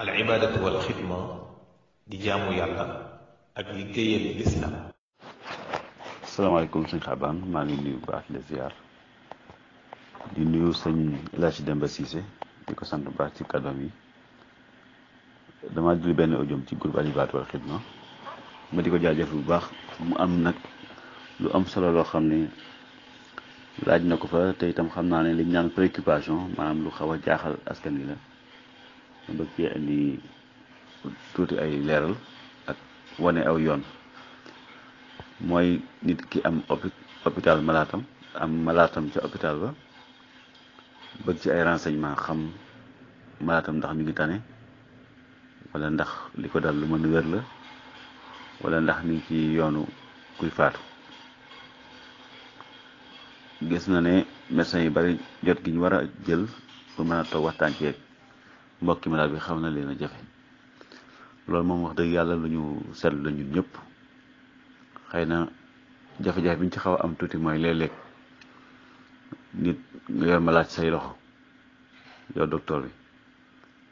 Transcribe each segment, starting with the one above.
al ibaadatu wal xidma di jaamu yàlla ak liggéeyal lislaam asalaamaaleykum sëñ Xabaan maa ngi nuyu baax di ziar di nuyu sëñ El Hadj Demba di ko sant baax ci kàddoom yi dama jël benn ojom ci groupe al ibaadatu wal ma di ko jaajëf bu baax mu am nag lu am solo loo xam ne laaj na ko fa te itam xam naa ne li naan préoccupation maanaam lu xaw a jaaxal askan wi la bëgg tuuti ay leeral ak aw yoon mooy nit ki am hôpital malaatam malaatam ca hôpital ba bëgg ci ay renseignement xam malaatam ndax mi ngi tane wala ndax li ko dal lu mën wér la walla ndax mi ngi ci yoonu kuy faatu gis na ne médecin yu bari jot gi war a jël pour mën a toog waxtaan ceeg mbokki mi bi xam na leen a jafe loolu moom wax dëgg yàlla lu ñu seetlu la ñun ñëpp xëy na jafe-jafe bi ñu ci xaw a am tuuti mooy léeg-léeg nit nga yor malaat say loxo yow docteur bi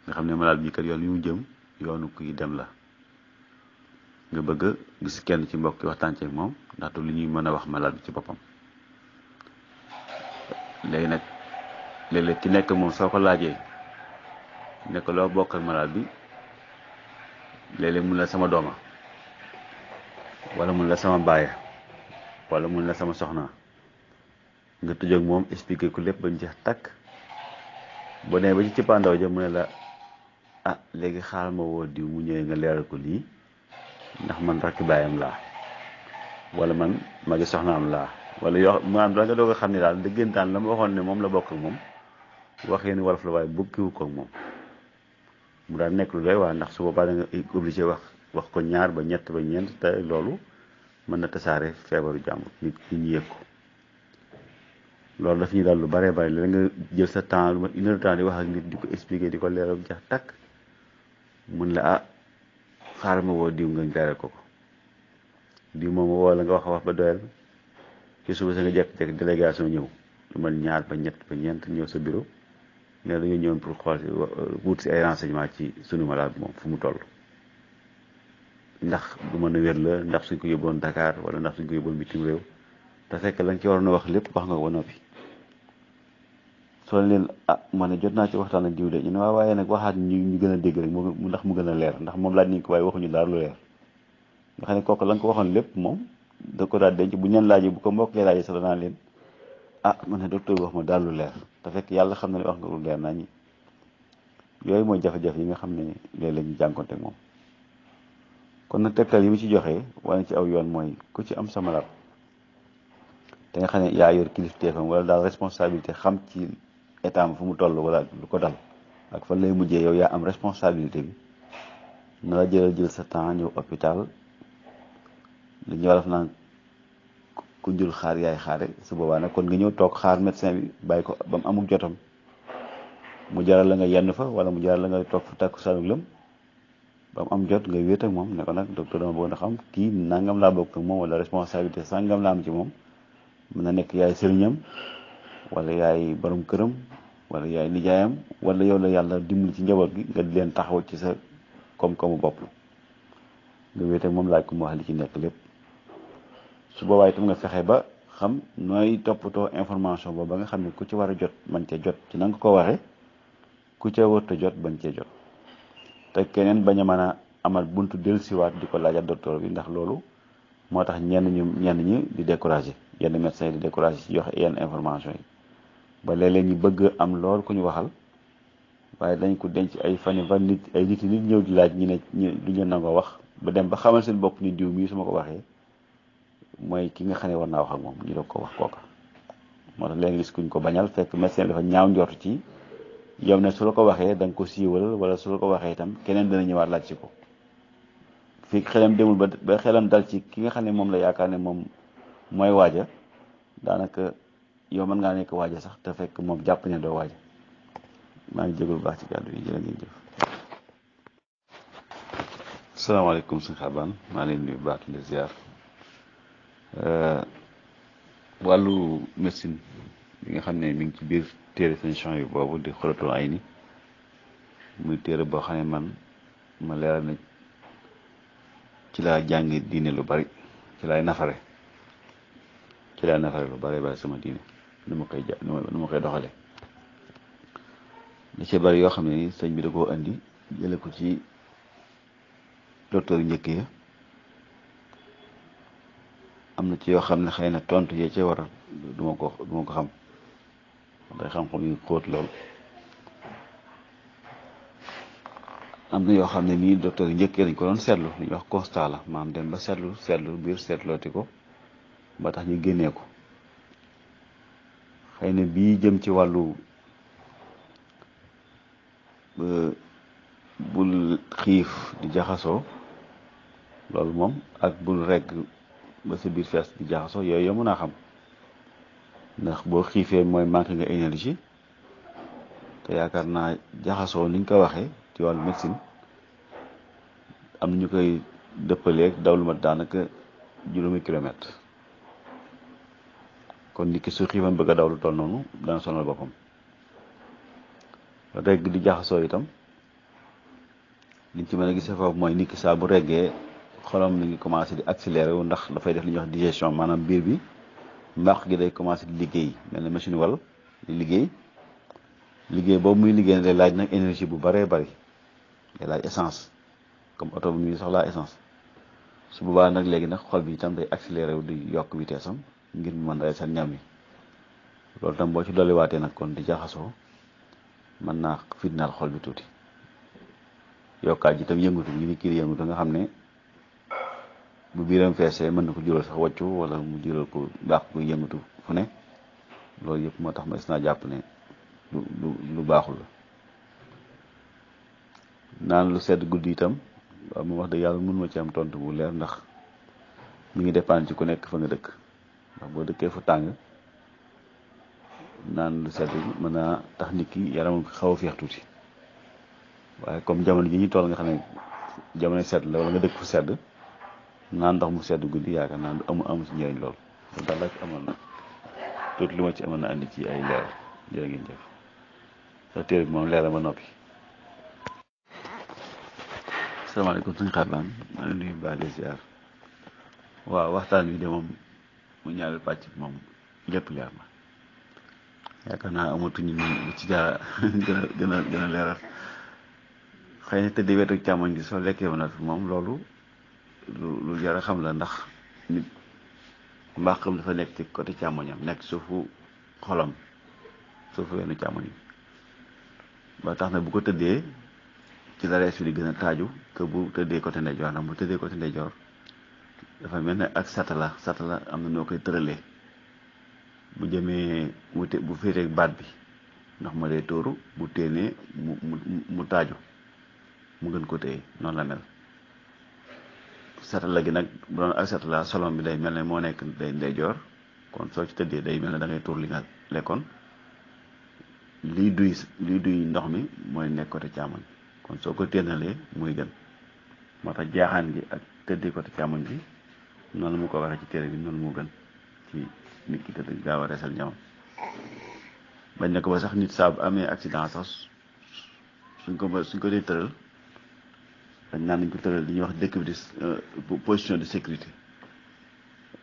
nga xam ne malaat bi kat yoon yu mu jëm yoonu kuy dem la nga bëgg a gis kenn ci mbokki waxtaan ci moom ndaxte li ñuy mën a wax malaat bi ci boppam léegi nag léeg-léeg ki nekk moom soo ko laajee ne ko loo bokk ak malade bi léeg mun na sama dooma wala mun la sama baaya wala mun na sama soxna nga tëjoog moom expliqué ku lépp bañ jeex takk bu nee ba ci cëppaandaw ja mu ne la ah léegi xaaral ma woo diw mu ñëwee nga leeral ko lii ndax man rakki baayam laa wala man magi soxnaam laa wala yoo maanaam da nga doog a xam ne daal dëggantaan la ma waxoon ne moom la bokk ak moom wax ni wolof la waaye bukkiwu ko moom mu daal nekk lu doy waa ndax su boobaa da nga obligé wax wax ko ñaar ba ñett ba ñeent te loolu mën na tasaare feebaru jàmbur nit ñi yëg ko loolu daf ñuy daal lu baree bari la nga jël sa temps lu ma une heure temps di wax ak nit di ko expliquer di ko leeral bu jeex takk mën la ah xaaral ma woo diw nga leeral ko ko diw moom woo la nga wax a wax ba doyal ci suba sa nga jekk-jekk délégation ñëw lu mel ñaar ba ñett ba ñeent ñëw sa bureau ne dañoo ñëwoon pour xool euh, wut si ay renseignement ci sunu malade moom fu mu toll ndax du mën a wér la ndax suñ ko yóbboon Dakar wala ndax suñ ko yóbboon bitim réew te fekk lañ ci waroon a wax lépp wax nga ko ba noppi soo leen ah ma jot naa ci waxtaan ak diw de ñu ne waaw waaye waxaat ñu ñu gën a dégg rek mu ndax mu gën a leer ndax moom laaj nañ ko waaye waxuñu dara lu leer nga xam ne kook la ko waxoon lépp moom da ko daal denc bu ñeen laajee bu ko mbokkee laajee sax naa leen ah man ne docteur wax ma daal lu leer te fekk yàlla xam na ne wax nga lu leer nañi yooyu mooy jafe-jafe yi nga xam ne léeg la ñu teg moom kon nag tegtal yi mu ci joxe wala ci aw yoon mooy ku ci am sa malade te nga xam ne yaa yor kilifteefam wala daal responsabilité xam ci état am fu mu toll wala lu ko dal ak fan lay mujjee yow yaa am responsabilité bi na la jëlal jël sa temps ñëw hôpital li ñu waraf naan ku jul xaar yaay xaare su boobaa nag kon nga ñëw toog xaar médecin bi bàyyi ko ba mu amul jotam mu jaral la nga yenn fa wala mu jaral la nga toog fa takku saanug lëm ba mu am jot nga wéet moom ne nag docteur dama bëgg na xam kii nangam laa bokk ak moom wala responsabilité am ci mën na nekk yaay sëriñam wala yaay borom këram wala yaay nijaayam wala yow la yàlla dimbali ci njaboot gi nga di leen taxaw ci sa kom koomu bopp nga wéet moom laaj ko mu li ci nekk lépp su boobaay itam nga fexe ba xam nooy toppatoo information boobu ba nga xam ne ku ci war a jot man cee jot ci nanga nga ko waxe ku ca warta jot bañ cee jot te keneen bañ a mën a amal buntu siwaat di ko laajal docteur bi ndax loolu moo tax ñenn ñu ñenn ñi di découragé yenn médecins yi di découragé ci joxe yenn information yi ba léeg-léeg ñu bëgg am lool ku ñu waxal waaye dañ ko denc ay fan fan nit ay nit nit ñëw di laaj ñu ne ñu du ñu nangoo wax ba dem ba xamal seen bokk ni diw mii su ma ko waxee mooy ki nga xam ne war naa wax ak moom ñu doog ko wax kooka moo tax léegi gis kuñ ko bañal fekk médecin dafa ñaaw njort ci yow ne su la ko waxee da nga ko siiwal wala su la ko waxee itam keneen dana ñëwaat laaj ci ko fii xelam demul ba ba xelam dal ci ki nga xam ne moom la yaakaar ne moom mooy waaja daanaka yow mën ngaa nekk waaja sax te fekk moom jàpp ne doo waaja maa ngi jégalu baax ci kàddu yi jërë ngeen jëf. salaamaaleykum maa leen nuyu Euh, wàllu machine bi nga xam ne mi ngi ci biir téere seen yi boobu di xoolatul ay ni muy téere boo xam man ma leeral na ci laa jàng diine lu bari ci laay nafare ci laay nafare lu bari bari sama diine numa ma koy ja ma koy doxale da ci bari yoo xam ne sëñ bi da koo indi jële ko ci docteur njëkk ya am na ci yoo xam ne xëy na tontu yee ci war a ko du ma ko xam day xam-xam yu xóot lool am na yoo xam ne nii docteur yi njëkkee ko doon seetlu li ñuy wax constat la maam dem ba seetlu seetlu biir seetlooti ko ba tax ñu génnee ko xëy na bii jëm ci wàllu euh, bul xiif di jaxasoo loolu moom ak bul rekk ba sa biir fees di jaxasoo yooyu yow mën a xam ndax boo xiifee mooy manqué nga énergie te yaakaar naa jaxasoo ni ñu ko waxee ci wàllu médecine am na ñu koy dëppaleeg daw lu mat daanaka juróomi kilomètre kon nit su xiifam bëgg a daw lu toll noonu dana sonal boppam regg di jaxasoo itam liñ ci mën a gisee foofu mooy nit saa bu reggee xolam mi ngi commencé di accéléré wu ndax dafay def li ñuy wax digestion maanaam biir bi mbàq gi day commencé liggéey mel ne machine wal di liggéey liggéey boobu muy liggéey day laaj nag énergie bu baree bëri day laaj essence comme oto bi muy soxlaa essence su boobaa nag léegi ndax xol bi itam day accéléré wu di yokk vitesse am ngir mu mën rey seen ñam yi loolu tam boo ci dolliwaatee nag kon di jaxasoo mën naa fitnaal xol bi tuuti yokkaat ji tam yëngatu ngi ni kii yëngatu nga xam ne bu biiram feesee mën na ko jural sax wàccu wala mu jural ko baax ko yëngatu fu ne loolu yëpp moo tax ma is naa jàpp ne lu lu baaxul la naan lu sedd guddi itam waaw mu wax dëgg yàlla mënu ma ci am tontu bu leer ndax mu ngi dépendre ci ku nekk fa nga dëkk ndax boo dëkkee fu tàng naan lu sedd mën naa tax nit ki yaramam xaw a féex tuuti waaye comme jamono ji ñu toll nga xam sedd la wala nga dëkk fu sedd naan mu sedd guddi yaakaar naa amu amu si njëriñ lool loolu daal amoon nag tuuti ma ci amoon na ci ay leer jërë ngeen jëf bi moom leer la ma noppi. asalaamaaleykum suñu xarlaan maa ngi nuyu baax di ziar waaw waxtaan wi de moom mu ñaari pàcc bi moom lépp leer na yaakaar naa amatuñu ñu ci jaar gën a gën a gën a leeral wetu càmmoñ gi soo lekkee woon moom loolu. lu lu jar a xam la ndax nit mbàqam dafa nekk ci côté càmmoñam nekk suufu xolam suufu wenn càmmoñam ba tax na bu ko tëddee ci la rees bi di gën a taaju que bu tëddee côté ndeyjoor ndax bu tëddee côté ndeyjoor dafa mel ne ak satala satala am na noo koy tëralee bu jëmee wute bu féeteeg baat bi ndax ma dee tóoru bu téenee mu mu mu taaju mu gën ko téye noonu la mel satala gi nag bu doon ak satala solom bi day mel ne moo nekk day ndeyjoor kon soo ci tëddee day mel ne da ngay tuur li nga lekkoon liy duy liy duy ndox mi mooy nekk côté càmmoñ kon soo ko téenalee mooy gën moo tax jaaxaan gi ak tëddee côté càmmoñ bi noonu mu ko waxee ci téere bi noonu moo gën ci nit ki tëdd gaaw a reesal ñamam bañ na ko ba sax nit saa bu amee accident sax suñ ko suñ ko dee tëral dañ naan nañ ko tëral li ñuy wax dëkk bi de euh, position de sécurité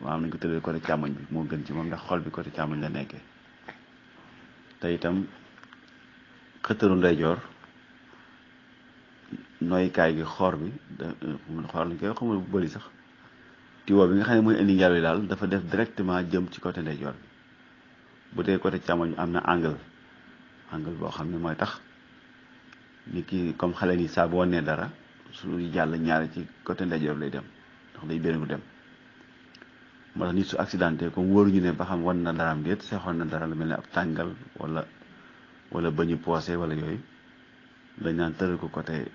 waa maanaam nañ ko tëral côté càmmoñ bi moo gën ci moom ndax xool bi côté càmmoñ la nekkee te itam xëttalu ndeyjoor noykaay gi xoor bi da euh, xool nañ koy xamul bu bëri sax tiwo bi nga xam ne mooy indi ngelaw daal dafa def directement jëm ci côté ndeyjoor bi bu dee côté càmmoñ am na angle angle boo xam ne mooy tax nit ki comme xale ni saa boo nee dara su suy jàll ñaar ci côté ndeyjoor lay dem ndax day benn bu dem moo tax nit su accidenté comme wóoruñu ne ba xam wan na daraam déet seexoon na dara lu mel ne ab tàngal wala wala ba ñu poosé wala yooyu dañ naan tëral ko côté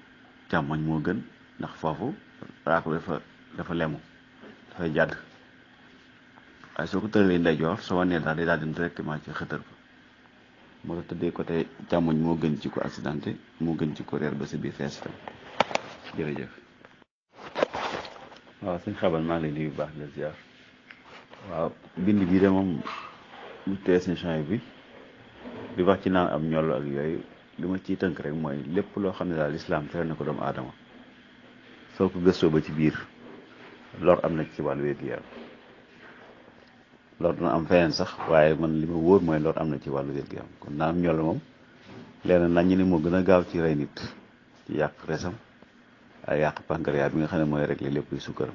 càmmoñ moo gën ndax foofu raako dafa lemu dafay jàdd waaye soo ko tëralee ndeyjoor soo wanee daal day daal ci xëtër ba moo tax tëddee côté càmmoñ moo gën ci ko accidenté moo gën ci ko reer ba sa biir fees tam jërëjëf waaw sëñ xaban maa ngi bu baax la ziar waaw bind bii de moom mu tee sëñ change bi di wax ci naan am ñollu ak yooyu li ma ciy tënk rek mooy lépp loo xam ne daal lislaam tere na ko doomu aadama soo ko gëstoo ba ci biir lor am na ci wàll wér-gu yaram lor dana am feneen sax waaye man li ma wóor mooy lor am na ci wàllu wér gu kon naa am ñollu moom leneen nañ ñu moo gën a gaaw ci rey nit ci yàq resam ak yàq pancréas bi nga xam ne mooy réglé lépp sukkaram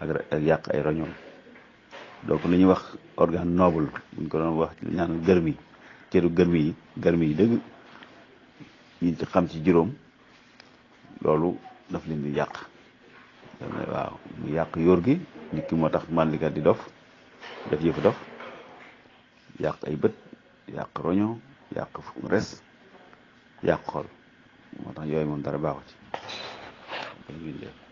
ak ak yàq ay roñoom donc li ñuy wax organe noble buñ ko doon wax ñaan gërmi cëru gërmi yi gërmi yi dëgg ñu xam ci juróom loolu daf leen di yàq waaw yàq yóor gi ki moo tax màndikat di dof def yëfu dof yàq ay bët yàq roño yàq res yàq xool moo tax yooyu moom dara baaxu ci ko bindee